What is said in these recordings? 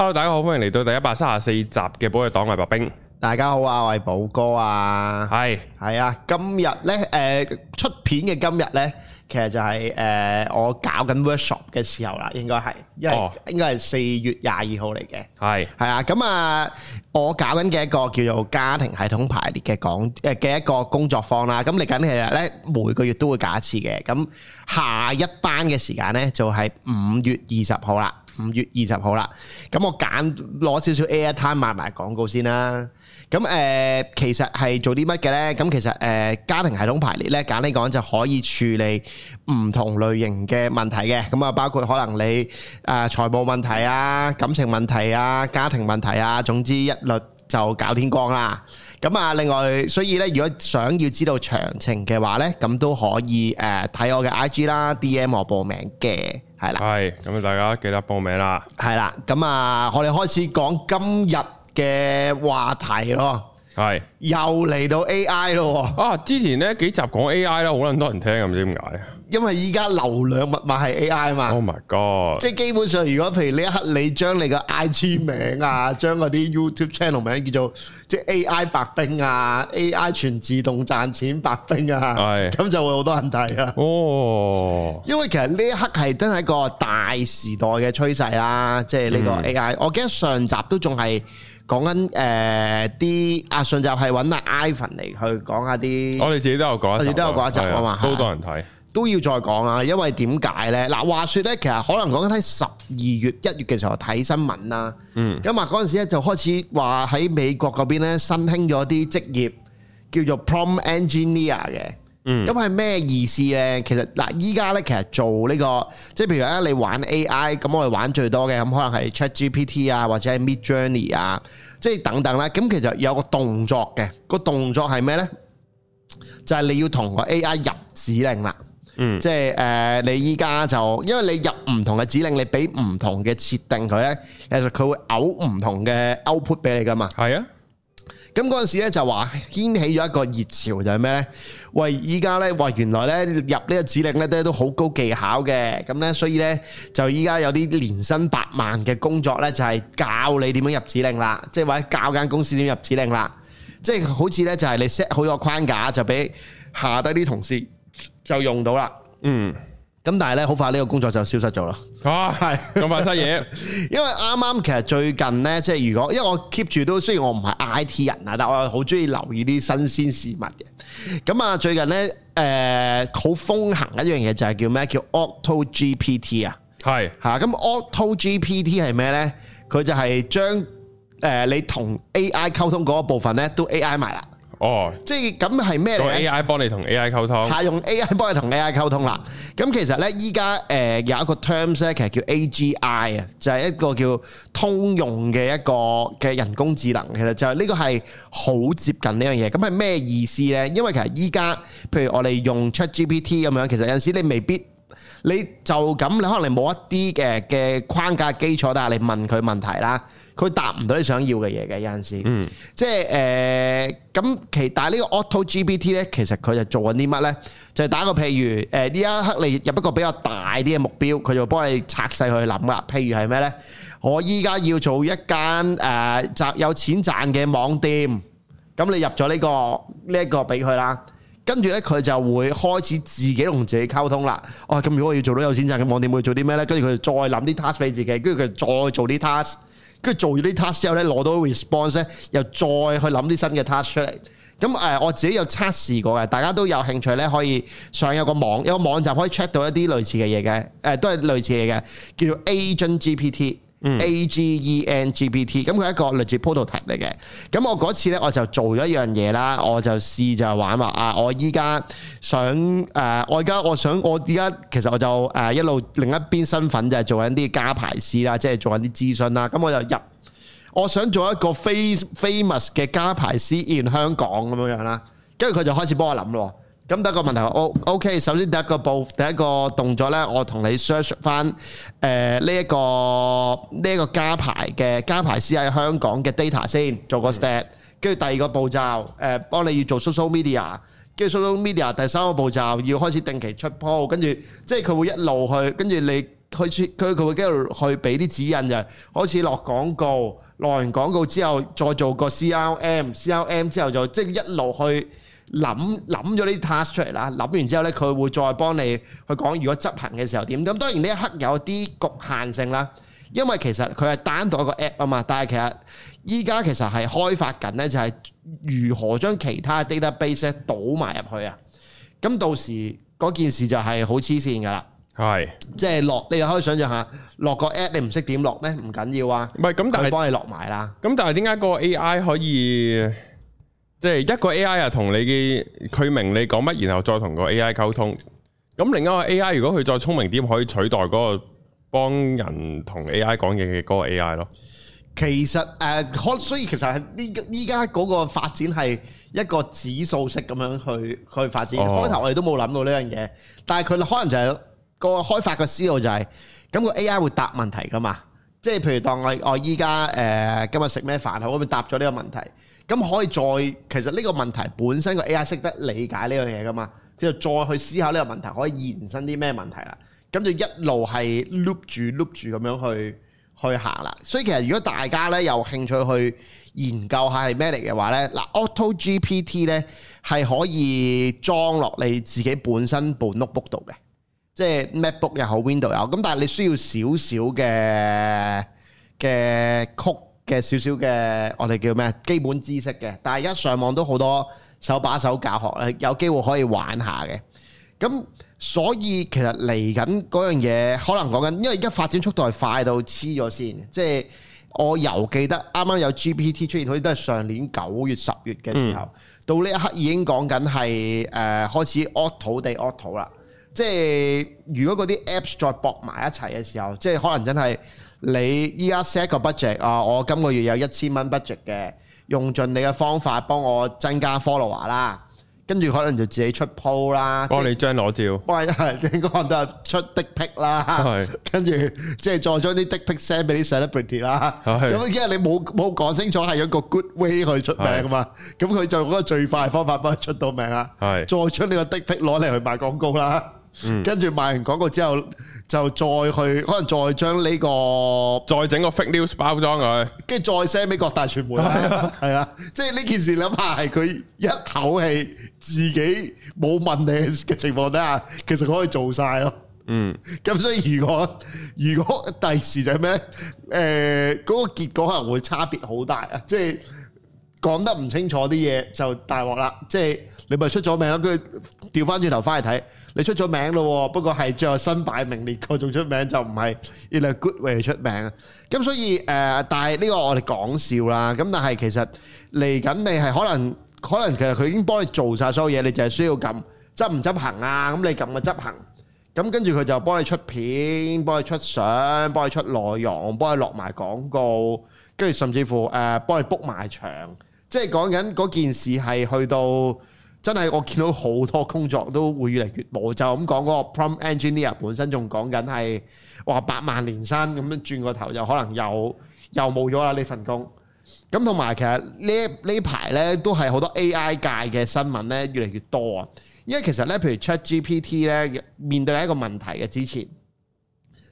Hello，大家好，歡迎嚟到第一百三十四集嘅《寶藥黨》，我係白兵。大家好啊，我係寶哥啊。係係啊，今日呢誒出片嘅今日呢，其實就係誒我搞緊 workshop 嘅時候啦，應該係，因為應該係四月廿二號嚟嘅。係係啊，咁啊，我搞緊嘅一個叫做家庭系統排列嘅講誒嘅一個工作坊啦。咁嚟緊其實呢每個月都會搞一次嘅。咁下一班嘅時間呢就係五月二十號啦。五月二十號啦，咁我揀攞少少 air time 賣埋廣告先啦。咁誒、呃，其實係做啲乜嘅呢？咁其實誒、呃、家庭系統排列呢，簡單講就可以處理唔同類型嘅問題嘅。咁啊，包括可能你誒、呃、財務問題啊、感情問題啊、家庭問題啊，總之一律。就搞天光啦，咁啊，另外，所以咧，如果想要知道詳情嘅話咧，咁都可以誒睇我嘅 IG 啦，DM 我報名嘅，係啦，係，咁啊，大家記得報名啦，係啦，咁啊，我哋開始講今日嘅話題咯，係，又嚟到 AI 咯，啊，之前咧幾集講 AI 啦，好捻多人聽，唔知點解。因為依家流量密碼係 AI 嘛，即係基本上如果譬如呢一刻你將你個 IG 名啊，將嗰啲 YouTube channel 名叫做即係 AI 白兵啊，AI 全自動賺錢白兵啊，咁就會好多人睇啊。哦，因為其實呢一刻係真係個大時代嘅趨勢啦，即係呢個 AI。我記得上集都仲係講緊誒啲啊，上集係揾阿 Ivan 嚟去講下啲，我哋自己都有講，我哋都有講一集啊嘛，好多人睇。都要再講啊，因為點解呢？嗱，話說呢，其實可能講緊喺十二月、一月嘅時候睇新聞啦。嗯。咁啊，嗰陣時咧就開始話喺美國嗰邊咧新興咗啲職業，叫做 prompt engineer 嘅。Eng er、嗯。咁係咩意思呢？其實嗱、這個，依家呢，其實做呢個，即係譬如咧你玩 AI，咁我哋玩最多嘅咁，可能係 ChatGPT 啊，或者係 Midjourney 啊，即係等等啦。咁其實有個動作嘅，個動作係咩呢？就係、是、你要同個 AI 入指令啦。嗯即，即係誒，你依家就因為你入唔同嘅指令，你俾唔同嘅設定佢呢，其實佢會嘔唔同嘅 output 俾你噶嘛。係啊的，咁嗰陣時呢就話掀起咗一個熱潮，就係咩呢？喂，依家呢，喂，原來呢，入呢個指令呢，都好高技巧嘅，咁呢，所以呢，就依家有啲年薪百萬嘅工作呢，就係教你點樣入指令啦，即係或者教間公司點入指令啦，即係好似呢，就係你 set 好個框架就俾下低啲同事。就用到啦，嗯，咁但係咧，好快呢個工作就消失咗啦。啊，係咁快失業， 因為啱啱其實最近呢，即係如果因為我 keep 住都，雖然我唔係 I T 人啊，但我好中意留意啲新鮮事物嘅。咁啊，最近呢，誒、呃，好風行一樣嘢就係叫咩？叫 Auto GPT 是啊，係吓，咁 Auto GPT 係咩呢？佢就係將誒你同 A I 溝通嗰部分呢，都 A I 埋啦。哦，即係咁係咩？用 A I 幫你同 A I 溝通。下用 A I 幫你同 A I 溝通啦。咁其實呢，依家誒有一個 terms 咧，其實叫 A G I 啊，就係一個叫通用嘅一個嘅人工智能。其實就係呢個係好接近呢樣嘢。咁係咩意思呢？因為其實依家，譬如我哋用 Chat G P T 咁樣，其實有陣時你未必，你就咁，你可能你冇一啲嘅嘅框架基礎，但係你問佢問題啦。佢答唔到你想要嘅嘢嘅，有陣時，即係誒咁其，但係呢個 Auto GPT 呢，其實佢就做緊啲乜呢？就係、是、打個譬如誒，呢一刻你入一個比較大啲嘅目標，佢就幫你拆細去諗啦。譬如係咩呢？我依家要做一間誒、呃、有錢賺嘅網店，咁你入咗呢、這個呢一、這個俾佢啦，跟住呢，佢就會開始自己同自己溝通啦。哦、啊，咁如果我要做到有錢賺嘅網店，我要做啲咩呢？跟住佢再諗啲 task 俾自己，跟住佢再做啲 task。跟住做完啲 task 之後咧，攞到 response 咧，又再去諗啲新嘅 task 出嚟。咁、嗯、誒我自己有測試過嘅，大家都有興趣咧，可以上有個網，有個網站可以 check 到一啲類似嘅嘢嘅，誒、呃、都係類似嘅嘢嘅，叫做 Agent GPT。A G E N G P T，咁佢係一個類似 prototype 嚟嘅，咁我嗰次呢，我就做咗一樣嘢啦，我就試就係玩話啊，我依家想誒、啊，我而家我想我依家其實我就誒、啊、一路另一邊身份就係做緊啲加牌師啦，即係做緊啲諮詢啦，咁我就入，我想做一個非 famous 嘅加牌師 in 香港咁樣樣啦，跟住佢就開始幫我諗咯。咁第一個問題，O OK，首先第一個步，第一個動作咧，我同你 search 翻誒呢一個呢一個加牌嘅加牌師喺香港嘅 data 先，做個 step，跟住第二個步驟，誒幫你要做 social media，跟住 social media，第三個步驟要開始定期出 post，跟住即係佢會一路去，跟住你佢佢佢會一路去俾啲指引就開始落廣告，落完廣告之後再做個 CRM，CRM 之後就即係一路去。諗諗咗呢啲 task 出嚟啦，諗完之後呢，佢會再幫你去講如果執行嘅時候點。咁當然呢一刻有啲局限性啦，因為其實佢係單獨一個 app 啊嘛。但係其實依家其實係開發緊呢，就係如何將其他 database 咧倒埋入去啊。咁到時嗰件事就係好黐線噶啦。係，即係落，你就可以想象下，落個 app 你唔識點落咩？唔緊要啊，唔係咁，但係我幫你落埋啦。咁但係點解個 AI 可以？即係一個 A.I. 啊，同你嘅佢明你講乜，然後再同個 A.I. 溝通。咁另一個 A.I. 如果佢再聰明啲，可以取代嗰個幫人同 A.I. 講嘢嘅嗰個 A.I. 咯。其實誒，可、呃、所以其實係呢依家嗰個發展係一個指數式咁樣去去發展。哦、開頭我哋都冇諗到呢樣嘢，但係佢可能就係個開發嘅思路就係、是，咁、個 A.I. 會答問題噶嘛。即係譬如當我、呃、我依家誒今日食咩飯，佢會答咗呢個問題。咁可以再，其實呢個問題本身個 AI 識得理解呢樣嘢㗎嘛，佢就再去思考呢個問題，可以延伸啲咩問題啦。咁就一路係碌住碌住咁樣去去行啦。所以其實如果大家呢有興趣去研究下係咩嚟嘅話呢，嗱，Auto GPT 呢係可以裝落你自己本身部 notebook 度嘅，即係 MacBook 又好 Window 又好，咁但係你需要少少嘅嘅 code。嘅少少嘅我哋叫咩？基本知識嘅，但係而家上網都好多手把手教學咧，有機會可以玩下嘅。咁所以其實嚟緊嗰樣嘢，可能講緊，因為而家發展速度係快到黐咗先。即係我又記得啱啱有 GPT 出現，好似都係上年九月、十月嘅時候，嗯、到呢一刻已經講緊係誒開始挖土地、挖土啦。即係如果嗰啲 apps 再搏埋一齊嘅時候，即係可能真係你依家 set 個 budget 啊，我今個月有一千蚊 budget 嘅，用盡你嘅方法幫我增加 follower 啦，跟住可能就自己出 po 啦，幫你張裸照，幫係應該都係出的 pics 啦，跟住即係再將啲的 pics send 俾啲 celebrity 啦，咁因為你冇冇講清楚係一個 good way 去出名啊嘛，咁佢是就用個最快方法幫佢出到名啦，是再將呢個的 pics 攞嚟去賣廣告啦。跟住、嗯、賣完廣告之後，就再去可能再將呢、呢個再整個 fake news 包裝佢，跟住再 send 俾各大傳媒，係 啊，即係呢件事諗下係佢一口氣自己冇問你嘅情況底下，其實可以做晒咯。嗯，咁所以如果如果第時就係咩咧？誒、呃，嗰、嗰個結果可能會差別好大啊！即、就、係、係。講得唔清楚啲嘢就大鑊啦，即係你咪出咗名咯。跟住調翻轉頭翻去睇，你出咗名咯，不過係最後身敗名裂個仲出名就，就唔係原來 Goodway 出名。咁所以誒、呃，但係呢個我哋講笑啦。咁但係其實嚟緊你係可能可能其實佢已經幫你做晒所有嘢，你就係需要撳執唔執行啊。咁你撳個執行。咁跟住佢就幫你出片，幫你出相，幫你出內容，幫你落埋廣告，跟住甚至乎誒、呃、幫你 book 埋場。即係講緊嗰件事係去到真係，我見到好多工作都會越嚟越冇。就咁講嗰個 prompt engineer 本身仲講緊係話百萬年薪咁樣，轉個頭就可能又又冇咗啦呢份工。咁同埋其實呢呢排呢都係好多 AI 界嘅新聞呢越嚟越多啊！因為其實呢，譬如 Chat GPT 呢面對一個問題嘅之前，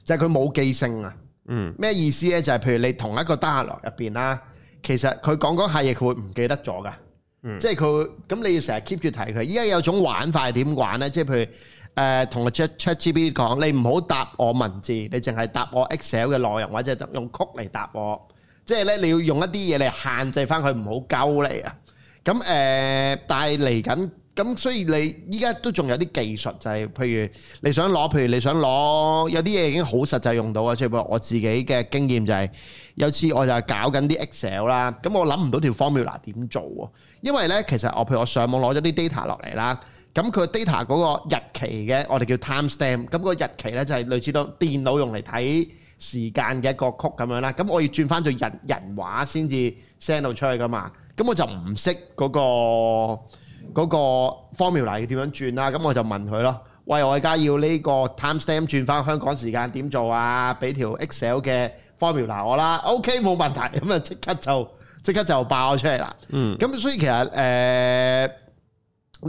就係佢冇記性啊。嗯，咩意思呢？就係、是、譬如你同一個 download 入邊啦。其實佢講講下嘢，佢會唔記得咗噶，即係佢，咁你要成日 keep 住提佢。依家有種玩法係點玩呢？即係譬如誒同個 chat chat GPT 講，你唔好答我文字，你淨係答我 Excel 嘅內容，或者用曲嚟答我。即係呢，你要用一啲嘢嚟限制返佢唔好鳩你啊。咁、嗯、誒、呃，但係嚟緊。咁所以你依家都仲有啲技術，就係，譬如你想攞，譬如你想攞，有啲嘢已經好實際用到啊！即係譬如我自己嘅經驗就係，有次我就係搞緊啲 Excel 啦，咁我諗唔到條 Formula 點做啊！因為呢，其實我譬如我上網攞咗啲 data 落嚟啦，咁佢 data 嗰個日期嘅，我哋叫 time stamp，咁個日期呢，就係類似到電腦用嚟睇時間嘅一個曲咁樣啦。咁我要轉翻做人人話先至 send 到出去㗎嘛，咁我就唔識嗰個。嗰個 formula 要點樣轉啦，啊？咁我就問佢咯。喂，我而家要呢個 timestamp 轉翻香港時間點做啊？俾條 Excel 嘅 formula 我啦。OK，冇問題。咁啊，即刻就即刻就爆出嚟啦。嗯。咁所以其實誒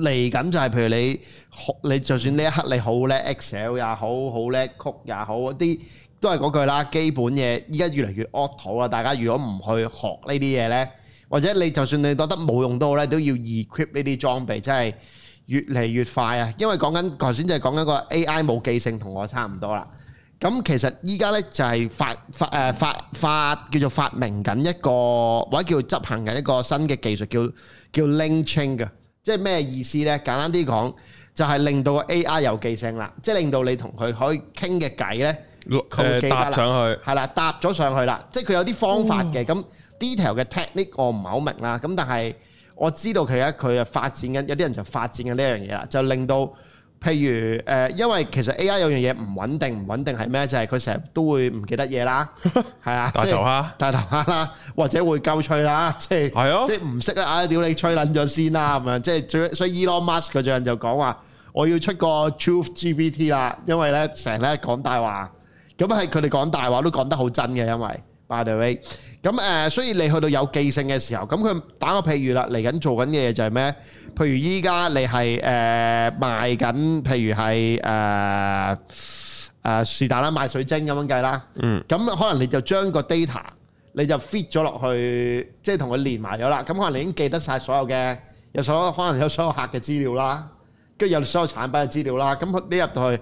嚟緊就係，譬如你學你就算呢一刻你好叻 Excel 也好，好叻曲也好，啲都係嗰句啦。基本嘢依家越嚟越 out 土啦。大家如果唔去學呢啲嘢咧～或者你就算你覺得冇用都好咧，都要 equip 呢啲裝備，真係越嚟越快啊！因為講緊頭先就係講緊個 AI 冇記性，同我差唔多啦。咁其實依家咧就係發發誒發發叫做發明緊一個或者叫執行緊一個新嘅技術，叫叫 link chain 嘅，即係咩意思咧？簡單啲講，就係令到個 AI 有記性啦，即係令到你同佢可以傾嘅偈咧。嗯、搭上去，係啦、嗯，搭咗上去啦，即係佢有啲方法嘅。咁 detail 嘅 technique 我唔係好明啦。咁但係我知道其實，佢啊發展緊，有啲人就發展緊呢樣嘢啦，就令到譬如誒、呃，因為其實 AI 有樣嘢唔穩定，唔穩定係咩？就係佢成日都會唔記得嘢啦，係啊，就是、大頭蝦，大頭蝦啦，或者會鳩吹啦，即、就、係、是，係 啊，即係唔識啦，啊屌你吹撚咗先啦咁樣，即係最所以 Elon Musk 佢最近就講話，我要出個 Truth GBT 啦，因為咧成日咧講大話。咁啊，係佢哋講大話都講得好真嘅，因為 by a 咁誒，所以你去到有記性嘅時候，咁佢打個譬如啦，嚟緊做緊嘅嘢就係咩？譬如依家你係誒、呃、賣緊，譬如係誒誒是但啦、呃呃，賣水晶咁樣計啦。嗯。咁可能你就將個 data 你就 fit 咗落去，即係同佢連埋咗啦。咁可能你已經記得晒所有嘅，有所有可能有所有客嘅資料啦，跟住有所有產品嘅資料啦。咁你入到去。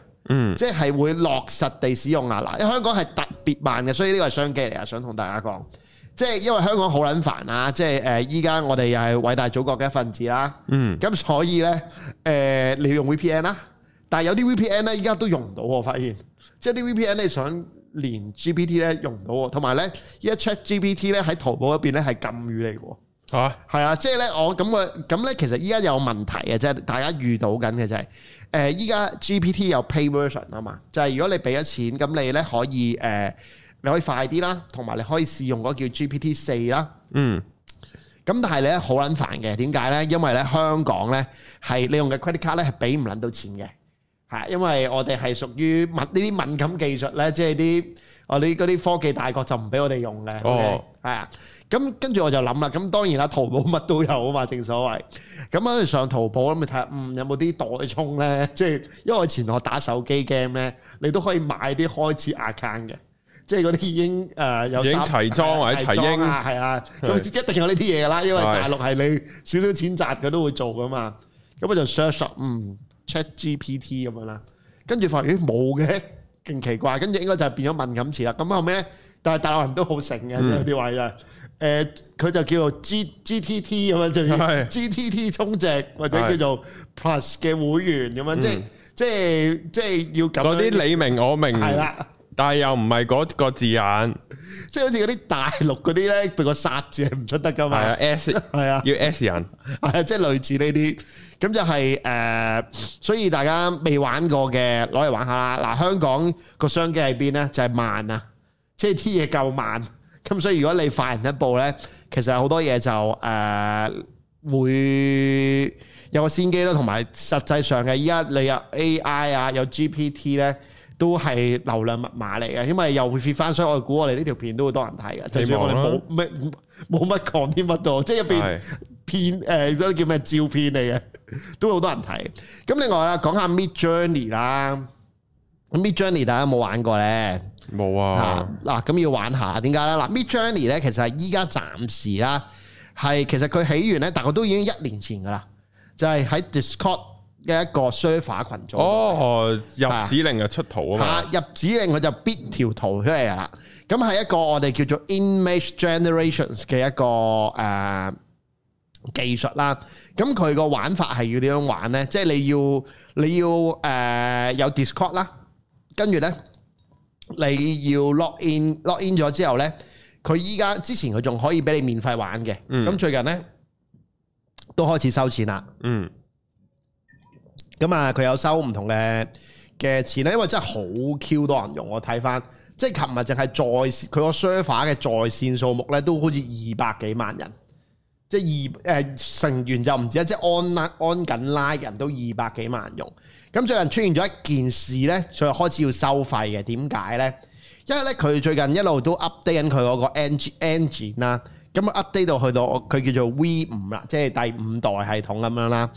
嗯，即係會落實地使用啊！嗱，因為香港係特別慢嘅，所以呢個係商機嚟啊！想同大家講，即係因為香港好撚煩啊。即係誒，依家我哋又係偉大祖國嘅一份子啦。嗯，咁所以呢，誒、呃，你要用 VPN 啦，但係有啲 VPN 呢，依家都用唔到。我發現，即係啲 VPN 你想連 GPT 呢用唔到，同埋呢，依家 ChatGPT 呢，喺淘寶嗰邊呢，係禁語嚟嘅。啊，係啊，即係咧，我咁嘅，咁咧，其實依家有問題嘅，即係大家遇到緊嘅就係、是，誒，依家 GPT 有 pay version 啊嘛，就係、是、如果你俾咗錢，咁你咧可以，誒、呃，你可以快啲啦，同埋你可以試用嗰叫 GPT 四啦，嗯，咁但係咧好撚煩嘅，點解咧？因為咧香港咧係你用嘅 credit card 咧係俾唔捻到錢嘅，係，因為我哋係屬於敏呢啲敏感技術咧，即係啲我哋嗰啲科技大國就唔俾我哋用嘅，哦，係啊。咁跟住我就諗啦，咁當然啦，淘寶乜都有啊嘛，正所謂。咁我上淘寶咁咪睇下，嗯，有冇啲代充咧？即係因為我前學打手機 game 咧，你都可以買啲開始 account 嘅，即係嗰啲已經誒有。已經齊裝或者齊英啊，係啊，一定有呢啲嘢啦，因為大陸係你少少錢賺佢都會做噶嘛。咁的我就 search 下，嗯，Chat GPT 咁樣啦，跟住發現冇嘅，勁、欸、奇怪。跟住應該就係變咗敏感詞啦。咁後尾咧。但係大陸人都好醒嘅，有啲位啊，誒佢、呃、就叫做 G T，叫 G T T 咁樣，即係 G T T 充值或者叫做 Plus 嘅會員咁樣，即即即要咁嗰啲你明我明，係啦的，但係又唔係嗰個字眼，即係好似嗰啲大陸嗰啲咧，譬如個殺字係唔出得噶嘛，係啊 S 係啊，要 S, S, 的 人係啊，即係、就是、類似呢啲，咁就係、是、誒，uh, 所以大家未玩過嘅攞嚟玩下啦。嗱、啊，香港個商機喺邊咧？就係、是、慢啊！即係啲嘢夠慢，咁所以如果你快人一步咧，其實好多嘢就誒、呃、會有個先機咯。同埋實際上嘅依家你有 AI 啊，有 GPT 咧，都係流量密碼嚟嘅，因為又會 fit 翻，所以我估我哋呢條片都會多人睇嘅。說就算我哋冇咩冇乜講啲乜度，即係入邊片誒嗰啲叫咩照片嚟嘅，都好多人睇。咁另外呢啦，講下 Midjourney 啦，Midjourney 大家有冇玩過咧？冇啊！嗱咁、啊、要玩下，點解咧？嗱，Midjourney 咧，其實係依家暫時啦，係其實佢起源咧，但係我都已經一年前噶啦，就係、是、喺 Discord 嘅一個 server 群組。哦，入指令就出圖啊嘛、啊！入指令佢就 b i 必條圖出嚟啊！咁係一個我哋叫做 image generations 嘅一個誒、呃、技術啦。咁佢個玩法係要點樣玩咧？即、就、係、是、你要你要誒、呃、有 Discord 啦，跟住咧。你要 login，login 咗 in 之後呢，佢依家之前佢仲可以俾你免費玩嘅，咁、嗯、最近呢，都開始收錢啦。嗯，咁啊，佢有收唔同嘅嘅錢呢，因為真係好 Q 多人用，我睇返，即係琴日淨係在佢個 server 嘅在線數目呢，都好似二百幾萬人，即係、呃、成員就唔止啦，即係安拉安緊拉人都二百幾萬人用。咁最近出現咗一件事呢，所以開始要收費嘅。點解呢？因為呢，佢最近一路都 update 緊佢嗰個 engine 啦，咁 update 到去到佢叫做 V 五啦，即係第五代系統咁樣啦。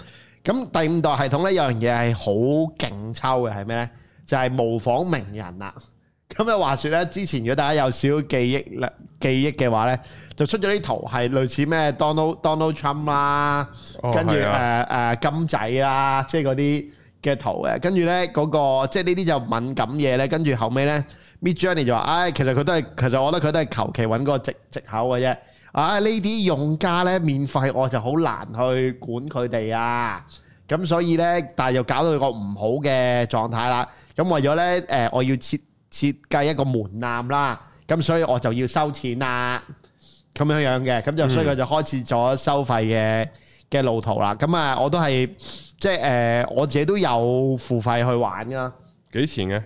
咁第五代系統呢，有樣嘢係好勁抽嘅，係咩呢？就係、是、模仿名人啦。咁啊話説呢，之前如果大家有少少記憶啦，記憶嘅話呢，就出咗啲圖係類似咩 Donald, Donald Trump 啦、哦，跟住誒誒金仔啊，即係嗰啲。嘅圖嘅，跟住咧嗰個即係呢啲就敏感嘢咧，跟住後尾咧，Midjourney 就話，唉、哎，其實佢都係，其實我覺得佢都係求其揾個藉藉口嘅啫。啊，呢啲用家咧免費，我就好難去管佢哋啊。咁所以咧，但係又搞到佢個唔好嘅狀態啦。咁為咗咧，誒、呃，我要設設計一個門檻啦。咁所以我就要收錢啦。咁樣樣嘅，咁就所以佢就開始咗收費嘅嘅路途啦。咁啊，我都係。即係誒、呃，我自己都有付費去玩噶，幾錢嘅？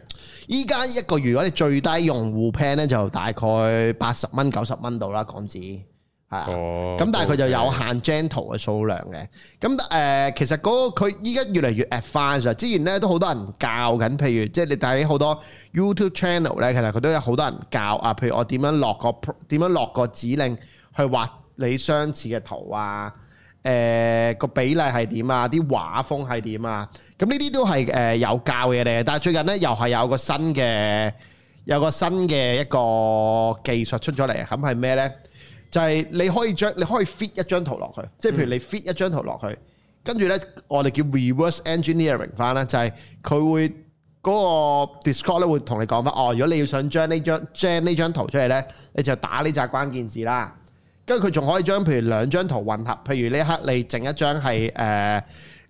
依家一個月，如果你最低用戶 plan 咧，就大概八十蚊、九十蚊到啦，港紙係啊。咁、哦、嗎但係佢就有限 gentle 嘅數量嘅。咁誒、呃，其實個佢依家越嚟越 advanced。之前咧都好多人教緊，譬如即係你睇好多 YouTube channel 咧，其實佢都有好多人教啊。譬如我點樣落個點樣落個指令去畫你相似嘅圖啊。誒個、呃、比例係點啊？啲畫風係點啊？咁呢啲都係誒有教嘅。但係最近呢，又係有個新嘅，有個新嘅一個技術出咗嚟。咁係咩呢？就係、是、你可以將你可以 fit 一張圖落去，即係譬如你 fit 一張圖落去，跟住呢，我哋叫 reverse engineering 翻啦。就係佢會嗰個 discord 咧會同你講翻。哦，如果你要想將呢張將呢張圖出嚟呢，你就打呢隻關鍵字啦。跟住佢仲可以將，譬如兩張圖混合，譬如呢一刻你整一張係誒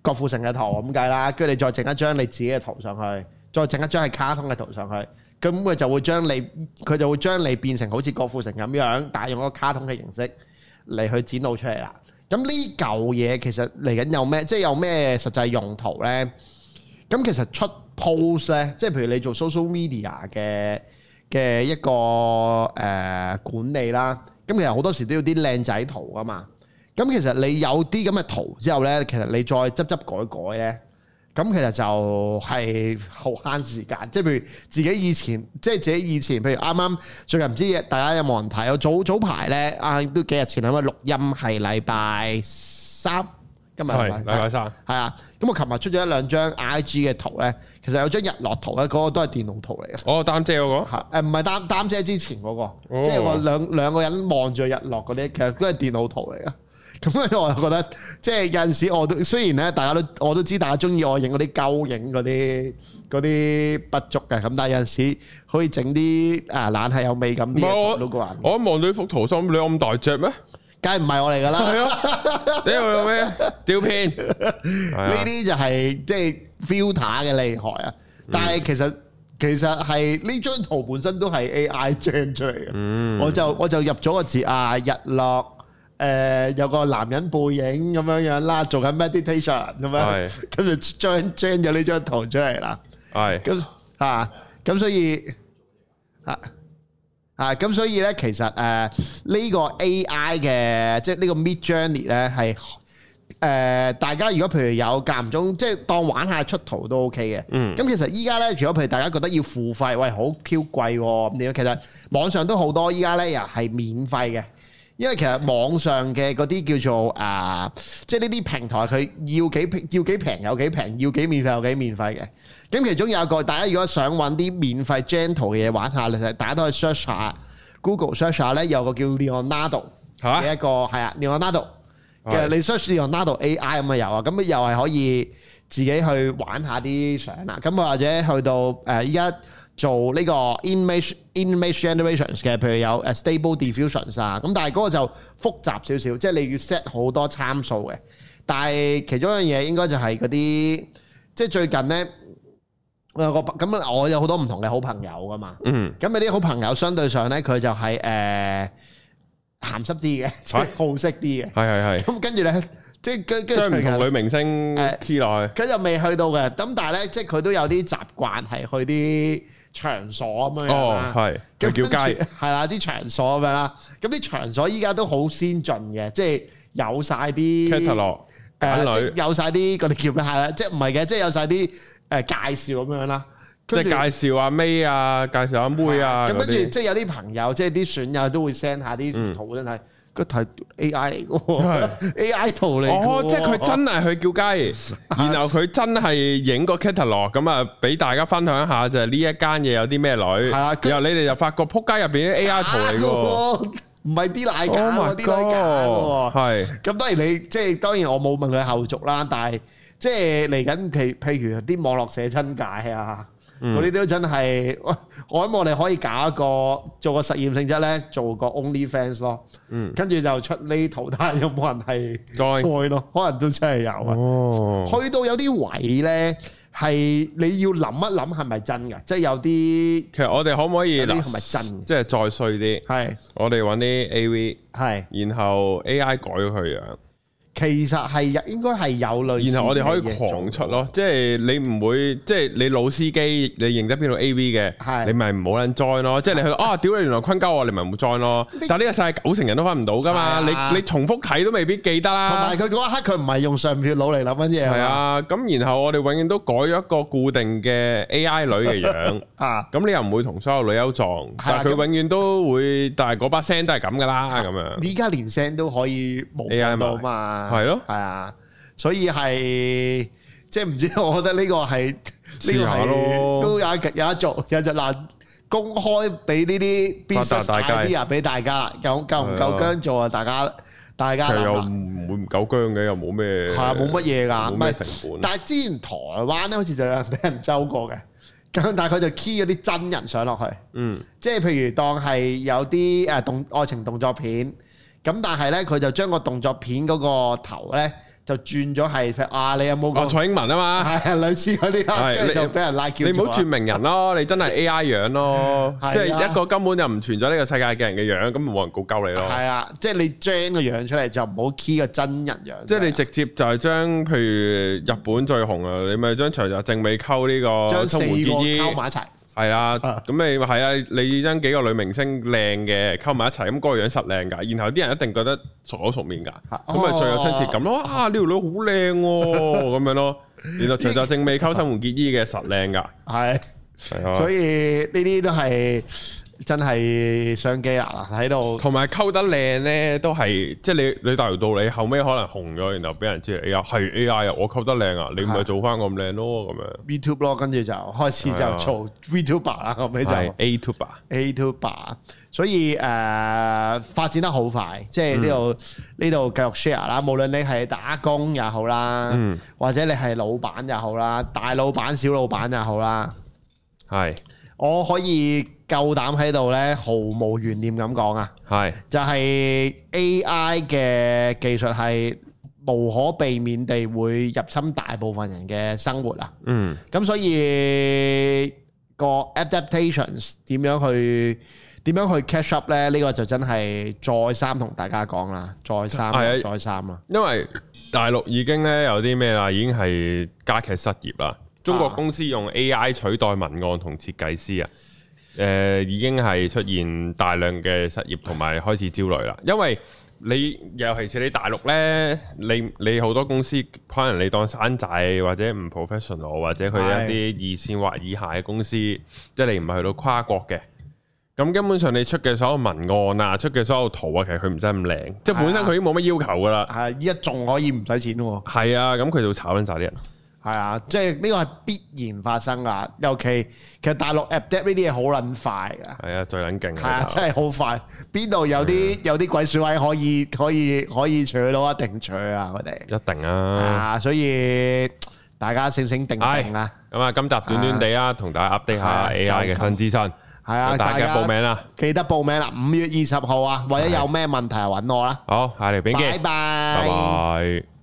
郭富城嘅圖咁計啦，跟住你再整一張你自己嘅圖上去，再整一張係卡通嘅圖上去，咁佢就會將你，佢就會將你變成好似郭富城咁樣，打用一個卡通嘅形式嚟去展露出嚟啦。咁呢嚿嘢其實嚟緊有咩？即係有咩實際用途呢？咁其實出 post 咧，即係譬如你做 social media 嘅嘅一個誒管理啦。咁其實好多時都要啲靚仔圖㗎嘛，咁其實你有啲咁嘅圖之後呢，其實你再執執改改呢，咁其實就係好慳時間。即係譬如自己以前，即係自己以前，譬如啱啱最近唔知大家有冇人睇啊？早早排呢，啊都幾日前係咪錄音係禮拜三？今日係禮拜三，係啊的！咁我琴日出咗一兩張 IG 嘅圖咧，其實有張日落圖咧，嗰、那個都係電腦圖嚟嘅。哦，擔遮嗰個？誒，唔係擔擔遮之前嗰、那個，哦、即係我兩兩個人望住日落嗰啲，其實都係電腦圖嚟嘅。咁所以我就覺得，即係有陣時我都雖然咧，大家都我都知大家中意我影嗰啲勾影嗰啲啲不足嘅，咁但係有陣時可以整啲啊懶係有味咁啲。冇，我望到幅圖，心你咁大隻咩？梗係唔係我嚟噶啦！屌咩？調片呢啲就係即係 filter 嘅厲害啊！但係其實其實係呢張圖本身都係 AI generate 出嚟嘅。我就我就入咗個字啊，日落誒、呃，有個男人背影咁樣樣啦，做緊 meditation 咁樣，跟是的 就將將咗呢張圖出嚟啦。係是的，咁吓咁所以啊。啊，咁所以咧，其實誒呢、呃呢個 AI 嘅，即係呢個 Midjourney 咧，係誒、呃、大家如果譬如有間唔中，即係當玩下出圖都 OK 嘅。嗯，咁其實依家咧，如果譬如大家覺得要付費，喂好 Q 貴喎，咁點？其實網上都好多依家咧，又係免費嘅。因為其實網上嘅嗰啲叫做啊，即係呢啲平台佢要幾平要幾平有幾平，要幾免費有幾免費嘅。咁其中有一個，大家如果想揾啲免費 gentle 嘅嘢玩下，大家都可以 search 下 Google search 下咧，有個叫 Leonardo 嘅一個係啊 Leonardo 嘅，你 search Leonardo AI 咁啊有啊，咁啊又係可以自己去玩下啲相啦。咁或者去到誒而家。呃做呢個 image image generations 嘅，譬如有 Stable Diffusions 啊，咁但係嗰個就複雜少少，即係你要 set 好多參數嘅。但係其中一樣嘢應該就係嗰啲，即係最近呢，我咁我有好多唔同嘅好朋友㗎嘛。咁嗰啲好朋友相對上呢，佢就係誒鹹濕啲嘅，呃色哎、好色啲嘅。係係係。咁跟住呢，即係跟跟同近女明星 T 嚟、呃，佢就未去到嘅。咁但係呢，即係佢都有啲習慣係去啲。場所咁樣啦，咁叫街係啦，啲場所咁樣啦，咁啲場所依家都好先進嘅，即係有晒啲，誒有晒啲，我哋叫咩係啦？即係唔係嘅，即係有晒啲誒介紹咁樣啦。即係介紹阿 May 啊，介紹阿妹啊。咁跟住即係有啲朋友，即係啲損友都會 send 下啲圖真係。個睇 AI 嚟嘅是，AI 圖嚟嘅，哦，即係佢真係去叫雞，啊，然後佢真係影個 catalog 咁啊，俾大家分享一下就係呢一間嘢有啲咩女，係啊，然後你哋就發覺仆街入邊啲 AI 圖嚟嘅，唔係啲奶假，我啲、oh、my 奶假係，咁是當然你即係當然我冇問佢後續啦，但係即係嚟緊譬譬如啲網絡寫真解啊。嗰啲都真係，我我諗我哋可以搞一個做一個實驗性質咧，做個 OnlyFans 咯、嗯，跟住就出呢套單，有冇人係再再咯， 可能都真係有啊。哦、去到有啲位咧，係你要諗一諗係咪真㗎，即係有啲其實我哋可唔可以嗱係咪真，即係再衰啲，係是我哋揾啲 AV 係，然後 AI 改咗佢樣。其實係應該係有類似嘅嘢，然後我哋可以狂出咯，即係你唔會，即係你老司機，你認得邊度 AV 嘅，係你咪唔好撚 join 咯。即係你去哦，屌你原來坤鳩啊，你咪唔好 join 咯。但係呢個世界九成人都翻唔到噶嘛，你你重複睇都未必記得啦。同埋佢嗰一刻佢唔係用上面嘅腦嚟諗緊嘢。係啊，咁然後我哋永遠都改咗一個固定嘅 AI 女嘅樣啊，咁你又唔會同所有女優撞，但係佢永遠都會，但係嗰把聲都係咁噶啦咁樣。依家連聲都可以模仿到啊嘛～係咯，係啊，啊，所以係即係唔知，我覺得呢個係呢個係都有有一，有一做，有就嗱公開俾呢啲 B 大啲啊，俾大家，夠夠唔夠姜做啊？大家、啊、大家諗下，又唔會唔夠姜嘅，又冇咩，係冇乜嘢噶，唔係成本。但係之前台灣咧，好似就有人俾人周過嘅，咁但係佢就 key 咗啲真人上落去，嗯，即係譬如當係有啲誒動愛情動作片。咁但係咧，佢就將個動作片嗰個頭咧，就轉咗係啊！你有冇講、啊、蔡英文啊嘛？係啊，類似嗰啲啦，你就俾人拉住。你唔好轉名人咯，你真係 AI 樣咯，即係一個根本就唔存在呢個世界嘅人嘅樣，咁冇人告鳩你咯。係啊，即係你將個樣出嚟就唔好 key 個真人樣。即係你直接就係將譬如日本最紅啊，你咪將長澤正美溝呢、呢個將四個溝埋一齊。係啊，咁你係啊，你將、啊、幾個女明星靚嘅溝埋一齊，咁、那、嗰個樣實靚噶，然後啲人一定覺得熟口熟面噶，咁咪、啊、最有親切感咯。啊，呢條、啊這個、女好靚喎、啊，咁 樣咯。然後除咗正美溝生活結衣嘅實靚噶，係，所以呢啲都係。真係雙機啊！喺度，同埋溝得靚咧，都係即係你你大條道理，後尾可能紅咗，然後俾人知，A I 係 AI 啊，我溝得靚啊，你唔係做翻咁靚咯咁樣。Vtuber 咯，跟住就開始就做 Vtuber 啦，後尾就 A Vtuber，A Vtuber，所以誒發展得好快，即係呢度呢度繼續 share 啦。無論你係打工又好啦，或者你係老闆又好啦，大老闆、小老闆又好啦，係。我可以夠膽喺度呢，毫無懸念咁講啊！係就係 AI 嘅技術係無可避免地會入侵大部分人嘅生活啊！嗯，咁所以個 adaptations 點樣去點樣去 catch up 呢？呢個就真係再三同大家講啦，再三再三啊！因為大陸已經呢有啲咩啦，已經係加劇失業啦。中國公司用 AI 取代文案同設計師啊，誒、呃，已經係出現大量嘅失業，同埋開始焦慮啦。因為你尤其是你大陸呢，你你好多公司可能你當山寨或者唔 professional，或者去一啲二線或以下嘅公司，的即係你唔係去到跨國嘅。咁根本上你出嘅所有文案啊，出嘅所有圖啊，其實佢唔使咁靚，的即係本身佢已經冇乜要求噶啦。係依家仲可以唔使錢喎。係啊，咁佢就炒緊晒啲人。係啊，即係呢個係必然發生噶尤其其實大陸 update 呢啲嘢好捻快噶係啊，最捻勁係啊，真係好快，邊度、嗯、有啲有啲鬼鼠位可以可以可以，可以取到一定取一定啊？我哋一定啊！所以大家醒醒定定啊！咁啊、哎，今集短短地啊，同大家 update 下 AI 嘅新資訊。係啊，啊，大家報名啦，記得報名啦！五月二十號啊，或者有咩問題搵我啦。好，下條片見，拜拜。拜拜拜拜